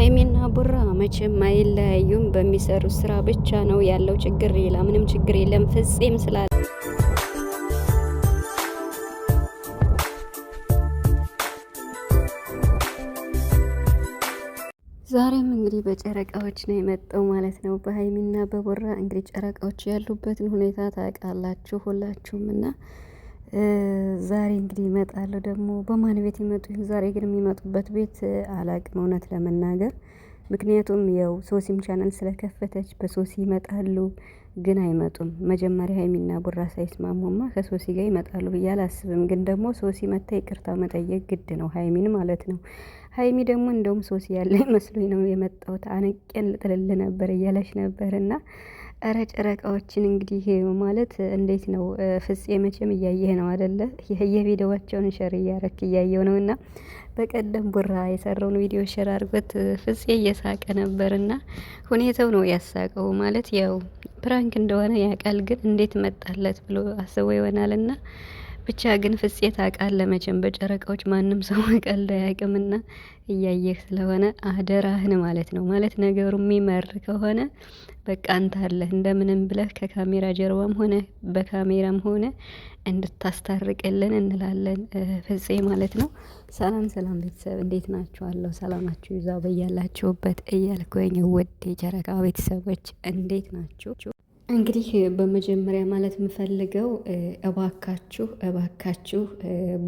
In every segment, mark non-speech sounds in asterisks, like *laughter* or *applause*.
ሀይሚና ቡራ መቼም አይለያዩም። በሚሰሩት ስራ ብቻ ነው ያለው ችግር፣ ሌላ ምንም ችግር የለም። ፍጹም ስላለ ዛሬም እንግዲህ በጨረቃዎች ነው የመጣው ማለት ነው። በሀይሚና በቡራ እንግዲህ ጨረቃዎች ያሉበትን ሁኔታ ታውቃላችሁ ሁላችሁም እና ዛሬ እንግዲህ ይመጣሉ ደግሞ በማን ቤት ይመጡ? ዛሬ ግን የሚመጡበት ቤት አላቅም እውነት ለመናገር ምክንያቱም ያው ሶሲም ቻናል ስለከፈተች በሶሲ ይመጣሉ ግን አይመጡም። መጀመሪያ ሀይሚና ቡራ ሳይስማሙማ ከሶሲ ጋር ይመጣሉ ብዬ አላስብም። ግን ደግሞ ሶሲ መታ ይቅርታ መጠየቅ ግድ ነው፣ ሀይሚን ማለት ነው። ሀይሚ ደግሞ እንደውም ሶሲ ያለ መስሎኝ ነው የመጣሁት፣ አነቄን ልጥልል ነበር እያለች ነበርና እረ ጨረቃዎችን እንግዲህ ማለት እንዴት ነው ፍጼ መቼም እያየህ ነው አደለ? የቪዲዮዋቸውን ሸር እያረክ እያየው ነው። እና በቀደም ቡራ የሰራውን ቪዲዮ ሸር አድርጎት ፍጼ እየሳቀ ነበርና ሁኔታው ነው ያሳቀው። ማለት ያው ፕራንክ እንደሆነ ያውቃል፣ ግን እንዴት መጣለት ብሎ አስቦ እና ብቻ ግን ፍፄ ታውቃለህ መቼም በጨረቃዎች ማንም ሰው መቀልድ አያውቅምና እያየህ ስለሆነ አደራህን ማለት ነው። ማለት ነገሩ የሚመር ከሆነ በቃ አንታለህ እንደምንም ብለህ ከካሜራ ጀርባም ሆነ በካሜራም ሆነ እንድታስታርቅልን እንላለን ፍፄ ማለት ነው። ሰላም ሰላም ቤተሰብ እንዴት ናችኋለሁ? ሰላማችሁ ይዛው በያላችሁበት እያልኩኝ ውድ የጨረቃ ቤተሰቦች እንዴት ናችሁ? እንግዲህ በመጀመሪያ ማለት የምፈልገው እባካችሁ እባካችሁ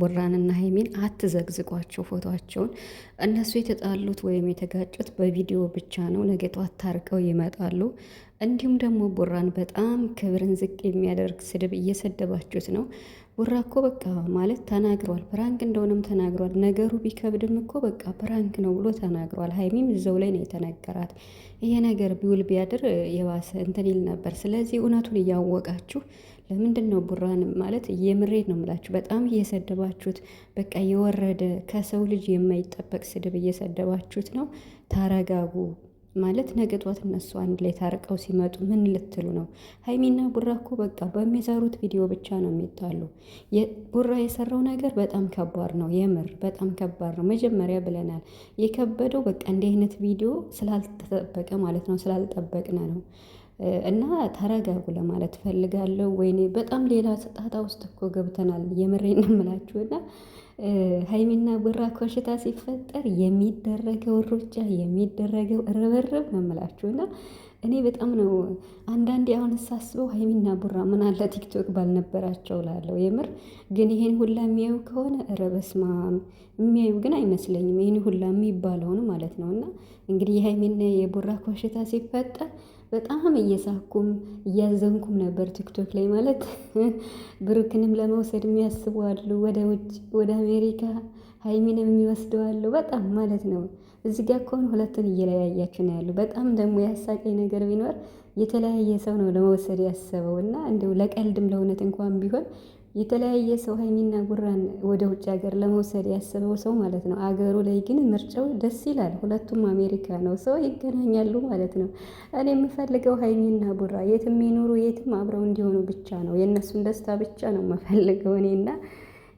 ቡራንና ሀይሚን አትዘግዝቋቸው ፎቶቸውን። እነሱ የተጣሉት ወይም የተጋጩት በቪዲዮ ብቻ ነው። ነገ ጧት ታርቀው ይመጣሉ። እንዲሁም ደግሞ ቡራን በጣም ክብርን ዝቅ የሚያደርግ ስድብ እየሰደባችሁት ነው። ቡራ እኮ በቃ ማለት ተናግሯል። ፕራንክ እንደሆነም ተናግሯል። ነገሩ ቢከብድም እኮ በቃ ፕራንክ ነው ብሎ ተናግሯል። ሀይሚም እዛው ላይ ነው የተነገራት። ይሄ ነገር ቢውል ቢያድር የባሰ እንትን ይል ነበር። ስለዚህ እውነቱን እያወቃችሁ ለምንድን ነው ቡራን ማለት የምሬድ ነው ምላችሁ በጣም እየሰደባችሁት በቃ የወረደ ከሰው ልጅ የማይጠበቅ ስድብ እየሰደባችሁት ነው። ታረጋጉ። ማለት ነገ እነሱ አንድ ላይ ታርቀው ሲመጡ ምን ልትሉ ነው? ሀይሚና ቡራ እኮ በቃ በሚሰሩት ቪዲዮ ብቻ ነው የሚጣሉ። ቡራ የሰራው ነገር በጣም ከባድ ነው፣ የምር በጣም ከባድ ነው። መጀመሪያ ብለናል የከበደው በቃ እንዲህ አይነት ቪዲዮ ስላልተጠበቀ ማለት ነው ስላልጠበቅነ ነው እና ተረጋጉ ለማለት ፈልጋለሁ። ወይኔ በጣም ሌላ ስጣታ ውስጥ እኮ ገብተናል። የምሬ የምሬን እምላችሁና ሀይሚና ብራ ኮሽታ ሲፈጠር የሚደረገው ሩጫ የሚደረገው ርብርብ ነው የምላችሁና እኔ በጣም ነው አንዳንዴ አሁን ሳስበው ሀይሚና ቡራ ምን አለ ቲክቶክ ባልነበራቸው ላለው የምር ግን ይሄን ሁላ የሚያዩ ከሆነ ኧረ በስመ አብ የሚያዩ ግን አይመስለኝም። ይህን ሁላ የሚባለውን ማለት ነው እና እንግዲህ የሀይሚና የቡራ ኮሽታ ሲፈጠር በጣም እየሳኩም እያዘንኩም ነበር ቲክቶክ ላይ ማለት *laughs* ብሩክንም ለመውሰድ የሚያስቡ አሉ። ወደ ውጭ ወደ አሜሪካ ሀይሚንም የሚወስደዋሉ በጣም ማለት ነው። እዚህ ጋር ከሆነ ሁለቱን እየለያያችሁ ነው ያሉ። በጣም ደግሞ ያሳቀኝ ነገር ቢኖር የተለያየ ሰው ነው ለመውሰድ ያሰበው እና እንደው ለቀልድም ለእውነት እንኳን ቢሆን የተለያየ ሰው ሀይሚና ጉራን ወደ ውጭ ሀገር ለመውሰድ ያሰበው ሰው ማለት ነው። አገሩ ላይ ግን ምርጫው ደስ ይላል። ሁለቱም አሜሪካ ነው፣ ሰው ይገናኛሉ ማለት ነው። እኔ የምፈልገው ሀይሚና ጉራ የትም ይኑሩ የትም አብረው እንዲሆኑ ብቻ ነው። የእነሱን ደስታ ብቻ ነው የምፈልገው እኔና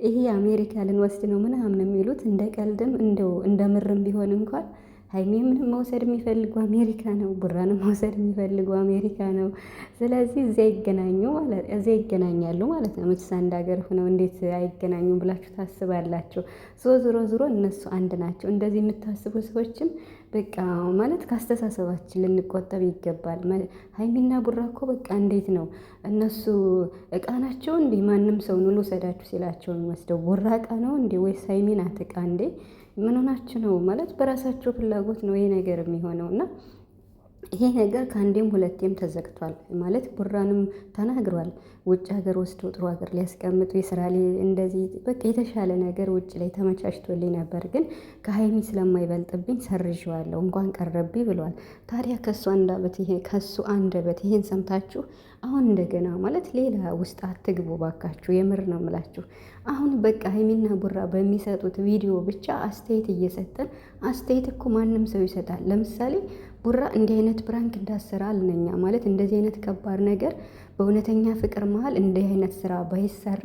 ይሄ አሜሪካ ልንወስድ ነው ምናምን የሚሉት እንደ ቀልድም እንደው እንደ ምርም ቢሆን እንኳን ሀይሚንም መውሰድ የሚፈልጉ አሜሪካ ነው፣ ቡራን መውሰድ የሚፈልጉ አሜሪካ ነው። ስለዚህ እዚያ ይገናኙ እዚያ ይገናኛሉ ማለት ነው። መችስ አንድ ሀገር ሆነው እንዴት አይገናኙም ብላችሁ ታስባላችሁ? ዞ ዞሮ ዞሮ እነሱ አንድ ናቸው። እንደዚህ የምታስቡ ሰዎችም በቃ ማለት ከአስተሳሰባችን ልንቆጠብ ይገባል። ሀይሚና ቡራ እኮ በቃ እንዴት ነው እነሱ እቃ ናቸው እንዴ? ማንም ሰው ኑሎ ሰዳችሁ ሲላቸው የሚወስደው ቡራ እቃ ነው እንዴ? ወይስ ሀይሚ ናት እቃ እንዴ? ምን ሆናችሁ ነው? ማለት በራሳቸው ፍላጎት ነው ይሄ ነገር የሚሆነው እና ይሄ ነገር ከአንዴም ሁለቴም ተዘግቷል። ማለት ቡራንም ተናግሯል። ውጭ ሀገር ወስዶ ጥሩ ሀገር ሊያስቀምጡ የስራ እንደዚህ በቃ የተሻለ ነገር ውጭ ላይ ተመቻችቶልኝ ነበር፣ ግን ከሀይሚ ስለማይበልጥብኝ ሰርዤዋለሁ እንኳን ቀረቢ ብሏል። ታዲያ ከሱ አንደበት ይሄ ከሱ አንደበት ይሄን ሰምታችሁ አሁን እንደገና ማለት ሌላ ውስጥ አትግቡ ባካችሁ። የምር ነው ምላችሁ። አሁን በቃ ሀይሚና ቡራ በሚሰጡት ቪዲዮ ብቻ አስተያየት እየሰጠን አስተያየት እኮ ማንም ሰው ይሰጣል። ለምሳሌ ቡራ እንዲህ አይነት ብራንክ እንዳሰራ አልነኛ ማለት እንደዚህ አይነት ከባድ ነገር በእውነተኛ ፍቅር መሀል እንዲህ አይነት ስራ ባይሰራ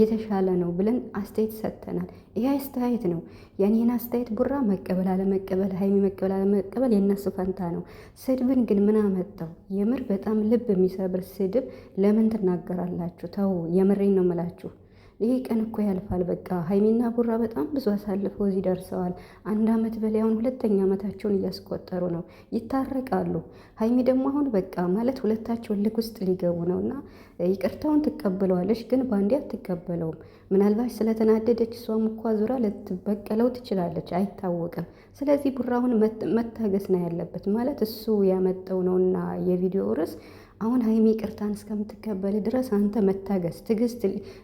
የተሻለ ነው ብለን አስተያየት ሰጥተናል። ይህ አስተያየት ነው። የኔን አስተያየት ቡራ መቀበል አለመቀበል፣ ሀይሚ መቀበል አለመቀበል የእነሱ ፈንታ ነው። ስድብን ግን ምን አመጣው? የምር በጣም ልብ የሚሰብር ስድብ ለምን ትናገራላችሁ? ተው፣ የምሬን ነው የምላችሁ። ይሄ ቀን እኮ ያልፋል። በቃ ሀይሚና ቡራ በጣም ብዙ አሳልፈው እዚህ ደርሰዋል። አንድ አመት በላይ አሁን ሁለተኛ አመታቸውን እያስቆጠሩ ነው። ይታረቃሉ። ሀይሚ ደግሞ አሁን በቃ ማለት ሁለታቸው ልክ ውስጥ ሊገቡ ነው እና ይቅርታውን ትቀበለዋለች፣ ግን በአንዴ አትቀበለውም። ምናልባት ስለተናደደች እሷም እኳ ዙራ ልትበቀለው ትችላለች፣ አይታወቅም። ስለዚህ ቡራ አሁን መታገስ ነው ያለበት ማለት እሱ ያመጣው ነውና የቪዲዮ ርዕስ አሁን ሀይሚ ቅርታን እስከምትቀበል ድረስ አንተ መታገስ፣ ትግስት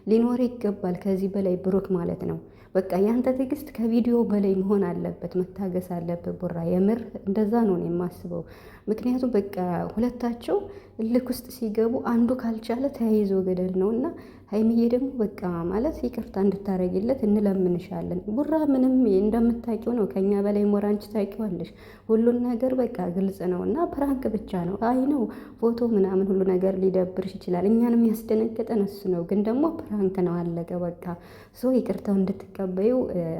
ሊኖር ይገባል። ከዚህ በላይ ብሩክ ማለት ነው። በቃ የአንተ ትግስት ከቪዲዮ በላይ መሆን አለበት፣ መታገስ አለበት ቡራ። የምር እንደዛ ነው የማስበው። ምክንያቱም በቃ ሁለታቸው እልክ ውስጥ ሲገቡ አንዱ ካልቻለ ተያይዞ ገደል ነው እና ሀይሚዬ ደግሞ በቃ ማለት ይቅርታ እንድታረጊለት እንለምንሻለን። ቡራ ምንም እንደምታውቂው ነው፣ ከኛ በላይ ሞራ አንቺ ታውቂዋለሽ። ሁሉን ነገር በቃ ግልጽ ነው እና ፕራንክ ብቻ ነው። አይ ነው ፎቶ ምናምን ሁሉ ነገር ሊደብርሽ ይችላል። እኛንም ያስደነገጠን እሱ ነው፣ ግን ደግሞ ፕራንክ ነው አለቀ በቃ። ሶ ይቅርታው እንድትቀበዩ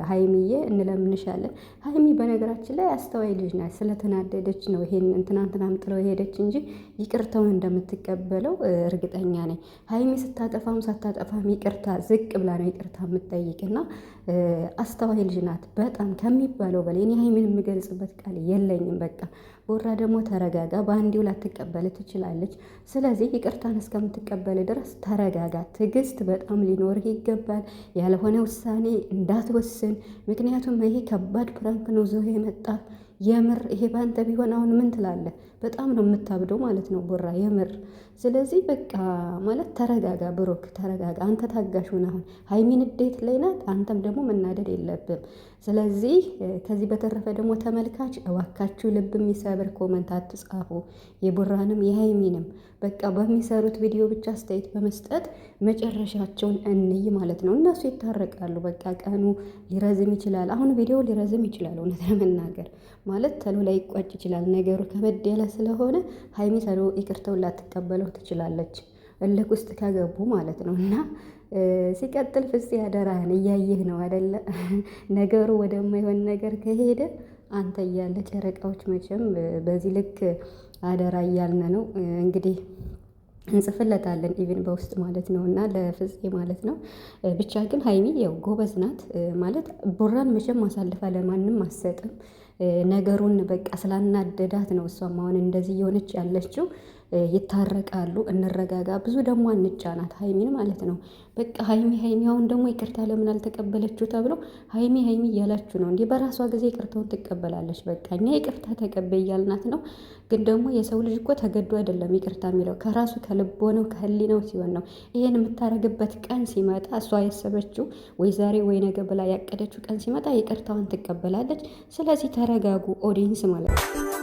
ሀይሚዬ እንለምንሻለን። ሀይሚ በነገራችን ላይ አስተዋይ ልጅ ናት። ስለተናደደች ነው ይሄን እንትናንትናም ጥለው ሄደች እንጂ ይቅርታውን እንደምትቀበለው እርግጠኛ ነኝ። ሀይሚ ስታጠፋም ሳታጠፋም ይቅርታ ዝቅ ብላ ነው ይቅርታ የምትጠይቅና አስተዋይ ልጅ ናት በጣም ከሚባለው በላይ። እኔ ሀይሚን የምገልጽበት ቃል የለኝም። በቃ ቦራ ደግሞ ተረጋጋ። በአንዲው ላትቀበል ትችላለች። ስለዚህ ይቅርታን እስከምትቀበል ድረስ ተረጋጋ። ትዕግስት በጣም ሊኖርህ ይገባል። ያልሆነ ውሳኔ እንዳትወስን። ምክንያቱም ይሄ ከባድ ፕራንክ ነው ዞህ የመጣ የምር ይሄ ባንተ ቢሆን አሁን ምን ትላለህ? በጣም ነው የምታብደው ማለት ነው ቦራ የምር። ስለዚህ በቃ ማለት ተረጋጋ፣ ብሩክ ተረጋጋ። አንተ ታጋሽ ሁን። አሁን ሀይሚን ንዴት ላይ ናት፣ አንተም ደግሞ መናደድ የለብም። ስለዚህ ከዚህ በተረፈ ደግሞ ተመልካች እባካችሁ ልብ የሚሰብር ኮመንት አትጻፉ፣ የቦራንም የሀይሚንም በቃ በሚሰሩት ቪዲዮ ብቻ አስተያየት በመስጠት መጨረሻቸውን እንይ ማለት ነው። እነሱ ይታረቃሉ። በቃ ቀኑ ሊረዝም ይችላል። አሁን ቪዲዮ ሊረዝም ይችላል። እውነት ለመናገር ማለት ተሎ ላይ ይቋጭ ይችላል። ነገሩ ከበድ ያለ ስለሆነ ሀይሚ ተሎ ይቅርተው ላትቀበለው ትችላለች፣ እልክ ውስጥ ከገቡ ማለት ነው እና ሲቀጥል ፍጽ ያደራህን እያየህ ነው አደለ? ነገሩ ወደማይሆን ነገር ከሄደ አንተ እያለ ጨረቃዎች መቼም በዚህ ልክ አደራ እያልን ነው እንግዲህ እንጽፍለታለን ኢቭን በውስጥ ማለት ነው እና ለፍፄ ማለት ነው። ብቻ ግን ሀይሚ ያው ጎበዝ ናት ማለት ቡራን መቼም አሳልፋ ለማንም አሰጥም ነገሩን በቃ ስላናደዳት ነው እሷም አሁን እንደዚህ እየሆነች ያለችው። ይታረቃሉ፣ እንረጋጋ። ብዙ ደግሞ አንጫናት ሀይሚን ማለት ነው። በቃ ሀይሚ ሀይሚ አሁን ደግሞ ይቅርታ ለምን አልተቀበለችው ተብሎ ሀይሚ ሀይሚ እያላችሁ ነው። እንዲህ በራሷ ጊዜ ይቅርታውን ትቀበላለች። በቃ እኛ ይቅርታ ተቀበይ እያልናት ነው። ግን ደግሞ የሰው ልጅ እኮ ተገዶ አይደለም ይቅርታ የሚለው ከራሱ ከልቦ ነው ከህሊናው ሲሆን ነው። ይሄን የምታረግበት ቀን ሲመጣ እሷ ያሰበችው ወይ ዛሬ ወይ ነገ ብላ ያቀደችው ቀን ሲመጣ ይቅርታውን ትቀበላለች። ስለዚህ ተረጋጉ ኦዲንስ ማለት ነው።